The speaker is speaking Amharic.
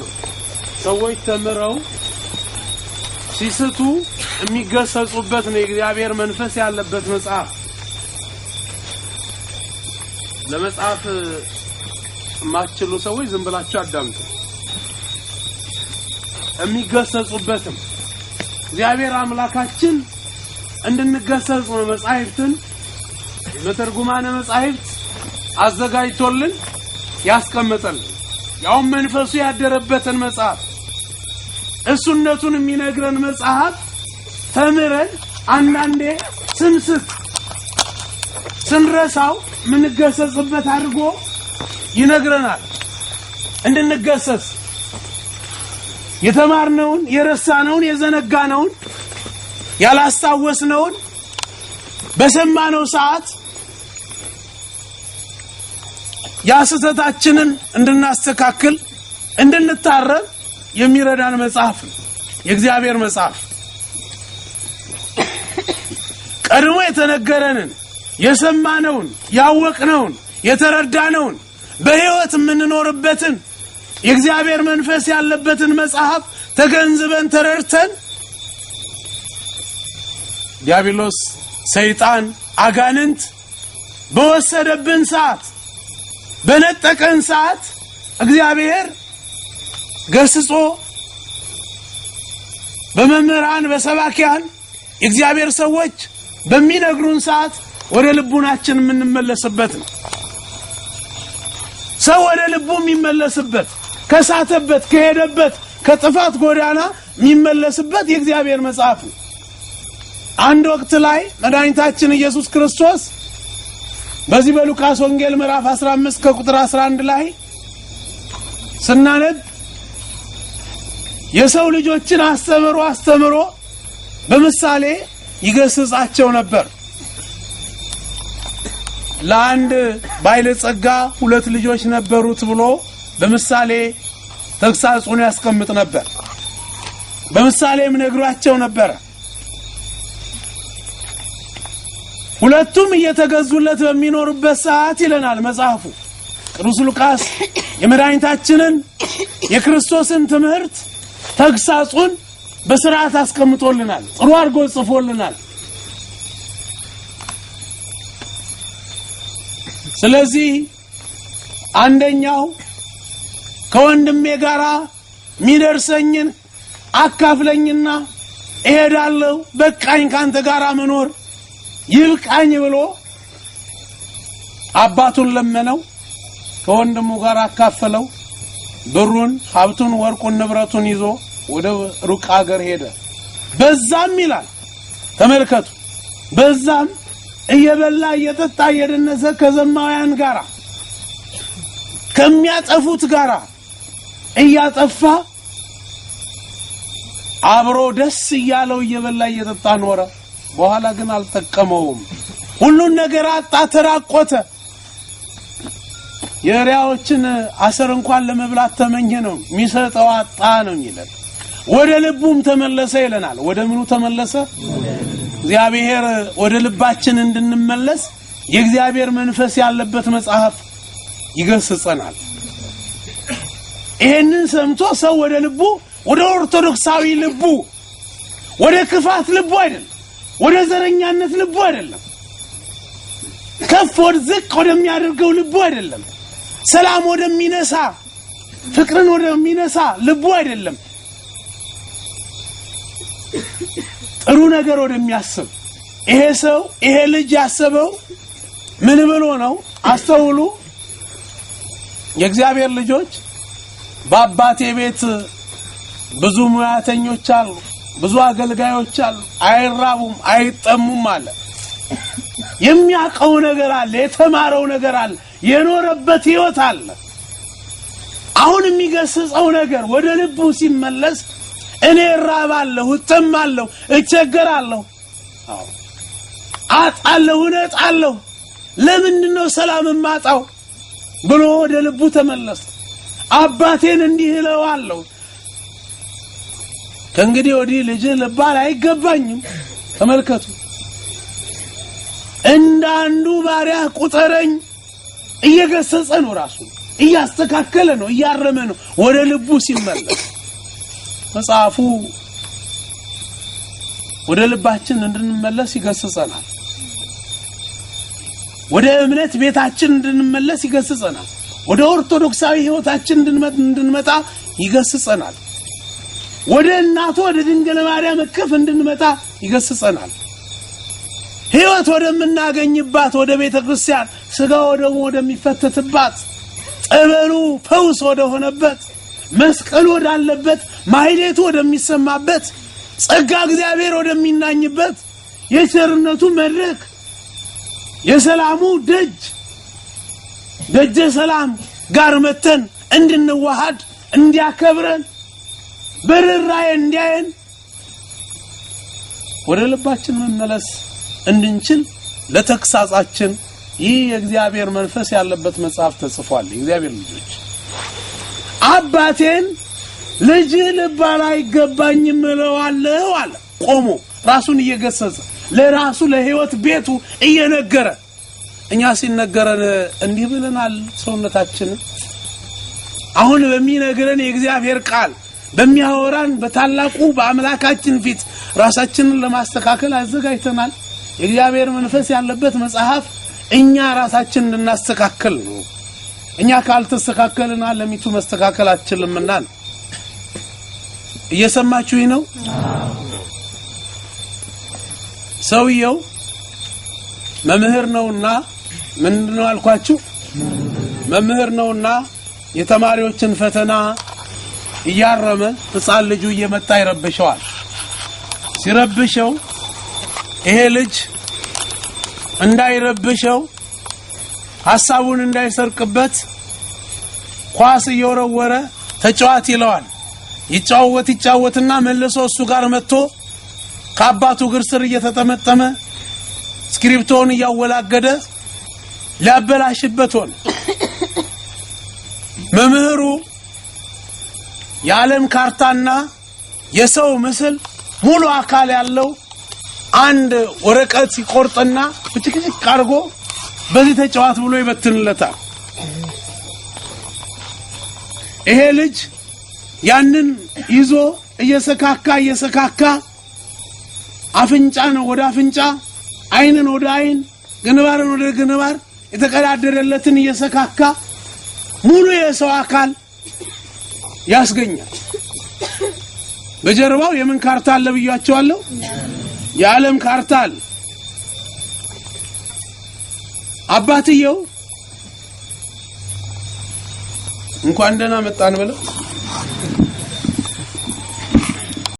ነው። ሰዎች ተምረው ሲስቱ የሚገሰጹበት ነው የእግዚአብሔር መንፈስ ያለበት መጽሐፍ። ለመጽሐፍ የማትችሉ ሰዎች ዝም ብላችሁ አዳምጡ። የሚገሰጹበትም እግዚአብሔር አምላካችን እንድንገሰጽ ነው መጻሕፍትን መተርጉማነ መጻሕፍት አዘጋጅቶልን ያስቀመጠልን። ያውም መንፈሱ ያደረበትን መጽሐፍ እሱነቱን የሚነግረን መጽሐፍ ተምረን አንዳንዴ ስንስት ስንረሳው የምንገሰጽበት አድርጎ ይነግረናል። እንድንገሰጽ የተማርነውን የረሳነውን የዘነጋነውን ያላስታወስነውን በሰማነው ሰዓት ያስተታችንን እንድናስተካክል እንድንታረም የሚረዳን መጽሐፍ ነው የእግዚአብሔር መጽሐፍ። ቀድሞ የተነገረንን የሰማነውን ያወቅነውን የተረዳነውን በህይወት የምንኖርበትን የእግዚአብሔር መንፈስ ያለበትን መጽሐፍ ተገንዝበን ተረድተን ዲያብሎስ ሰይጣን አጋንንት በወሰደብን ሰዓት በነጠቀን ሰዓት እግዚአብሔር ገስጾ በመምህራን በሰባኪያን የእግዚአብሔር ሰዎች በሚነግሩን ሰዓት ወደ ልቡናችን የምንመለስበት ነው። ሰው ወደ ልቡ የሚመለስበት ከሳተበት፣ ከሄደበት ከጥፋት ጎዳና የሚመለስበት የእግዚአብሔር መጽሐፍ ነው። አንድ ወቅት ላይ መድኃኒታችን ኢየሱስ ክርስቶስ በዚህ በሉቃስ ወንጌል ምዕራፍ 15 ከቁጥር 11 ላይ ስናነብ የሰው ልጆችን አስተምሮ አስተምሮ በምሳሌ ይገስጻቸው ነበር። ለአንድ ባለጸጋ ሁለት ልጆች ነበሩት ብሎ በምሳሌ ተግሳጹን ያስቀምጥ ነበር። በምሳሌም ነግሯቸው ነበር? ሁለቱም እየተገዙለት በሚኖሩበት ሰዓት ይለናል መጽሐፉ ቅዱስ ሉቃስ የመድኃኒታችንን የክርስቶስን ትምህርት ተግሳጹን በስርዓት አስቀምጦልናል። ጥሩ አድርጎ ጽፎልናል። ስለዚህ አንደኛው ከወንድሜ ጋር የሚደርሰኝን አካፍለኝና እሄዳለሁ፣ በቃኝ ካንተ ጋር መኖር ይብቃኝ ብሎ አባቱን ለመነው፣ ከወንድሙ ጋር አካፈለው። ብሩን፣ ሀብቱን፣ ወርቁን፣ ንብረቱን ይዞ ወደ ሩቅ ሀገር ሄደ። በዛም ይላል ተመልከቱ፣ በዛም እየበላ እየጠጣ እየደነሰ ከዘማውያን ጋር ከሚያጠፉት ጋር እያጠፋ አብሮ ደስ እያለው እየበላ እየጠጣ ኖረ። በኋላ ግን አልጠቀመውም። ሁሉን ነገር አጣ፣ ተራቆተ። የሪያዎችን አሰር እንኳን ለመብላት ተመኘ ነው የሚሰጠው አጣ ነው የሚለን። ወደ ልቡም ተመለሰ ይለናል። ወደ ምኑ ተመለሰ? እግዚአብሔር ወደ ልባችን እንድንመለስ የእግዚአብሔር መንፈስ ያለበት መጽሐፍ ይገስጸናል። ይሄንን ሰምቶ ሰው ወደ ልቡ ወደ ኦርቶዶክሳዊ ልቡ ወደ ክፋት ልቡ አይደለም ወደ ዘረኛነት ልቡ አይደለም፣ ከፍ ወደ ዝቅ ወደሚያደርገው ልቡ አይደለም፣ ሰላም ወደሚነሳ ፍቅርን ወደሚነሳ ልቡ አይደለም፣ ጥሩ ነገር ወደሚያስብ ይሄ ሰው ይሄ ልጅ ያሰበው ምን ብሎ ነው? አስተውሉ። የእግዚአብሔር ልጆች በአባቴ ቤት ብዙ ሙያተኞች አሉ። ብዙ አገልጋዮች አሉ፣ አይራቡም አይጠሙም አለ። የሚያውቀው ነገር አለ፣ የተማረው ነገር አለ፣ የኖረበት ህይወት አለ። አሁን የሚገስጸው ነገር ወደ ልቡ ሲመለስ እኔ እራባለሁ፣ እጠማለሁ፣ እቸገራለሁ፣ አጣለሁ፣ እነጣለሁ፣ ለምንድን ነው ሰላም ማጣው ብሎ ወደ ልቡ ተመለሰ። አባቴን እንዲህ እለዋለሁ ከእንግዲህ ወዲህ ልጅ ልባል አይገባኝም። ተመልከቱ፣ እንዳንዱ ባሪያ ቁጠረኝ እየገሰጸ ነው፣ ራሱ እያስተካከለ ነው፣ እያረመ ነው። ወደ ልቡ ሲመለስ መጽሐፉ ወደ ልባችን እንድንመለስ ይገስጸናል። ወደ እምነት ቤታችን እንድንመለስ ይገስጸናል። ወደ ኦርቶዶክሳዊ ሕይወታችን እንድንመጣ ይገስጸናል። ወደ እናቱ ወደ ድንግል ማርያም እቅፍ እንድንመጣ ይገስጸናል። ሕይወት ወደምናገኝባት ወደ ቤተ ክርስቲያን ስጋ ወደሙ ወደሚፈተትባት ጠበሉ ፈውስ ወደሆነበት መስቀሉ ወዳለበት ማህሌቱ ወደሚሰማበት ጸጋ እግዚአብሔር ወደሚናኝበት የቸርነቱ መድረክ የሰላሙ ደጅ ደጀ ሰላም ጋር መተን እንድንዋሃድ እንዲያከብረን በርራይ እንዲያይን ወደ ልባችን መመለስ እንድንችል ለተክሳጻችን ይህ የእግዚአብሔር መንፈስ ያለበት መጽሐፍ ተጽፏል። የእግዚአብሔር ልጆች አባቴን ልጅ ልባል አይገባኝም እለዋለሁ አለ። ቆሞ ራሱን እየገሰጸ ለራሱ ለህይወት ቤቱ እየነገረ እኛ ሲነገረን እንዲህ ብለናል ሰውነታችንን አሁን በሚነግረን የእግዚአብሔር ቃል በሚያወራን በታላቁ በአምላካችን ፊት ራሳችንን ለማስተካከል አዘጋጅተናል። የእግዚአብሔር መንፈስ ያለበት መጽሐፍ እኛ ራሳችን እንድናስተካከል ነው። እኛ ካልተስተካከልና ለሚቱ መስተካከል አትችልምና ነው። እየሰማችሁ ነው። ሰውየው መምህር ነውና ምንድነው አልኳችሁ? መምህር ነውና የተማሪዎችን ፈተና እያረመ ህፃን ልጁ እየመጣ ይረብሸዋል። ሲረብሸው ይሄ ልጅ እንዳይረብሸው ሀሳቡን እንዳይሰርቅበት ኳስ እየወረወረ ተጫዋት ይለዋል። ይጫወት ይጫወትና መልሶ እሱ ጋር መጥቶ ከአባቱ እግር ስር እየተጠመጠመ ስክሪፕቶን እያወላገደ ሊያበላሽበት ሆነ። መምህሩ የዓለም ካርታና የሰው ምስል ሙሉ አካል ያለው አንድ ወረቀት ይቆርጥና ብትክክ አድርጎ በዚህ ተጫዋት ብሎ ይበትንለታል። ይሄ ልጅ ያንን ይዞ እየሰካካ እየሰካካ አፍንጫ ነው ወደ አፍንጫ፣ አይንን ወደ አይን፣ ግንባርን ወደ ግንባር የተቀዳደረለትን እየሰካካ ሙሉ የሰው አካል ያስገኛል። በጀርባው የምን ካርታ አለ ብያቸዋለሁ? የዓለም ካርታ አለ። አባትየው እንኳን ደህና መጣን ብለው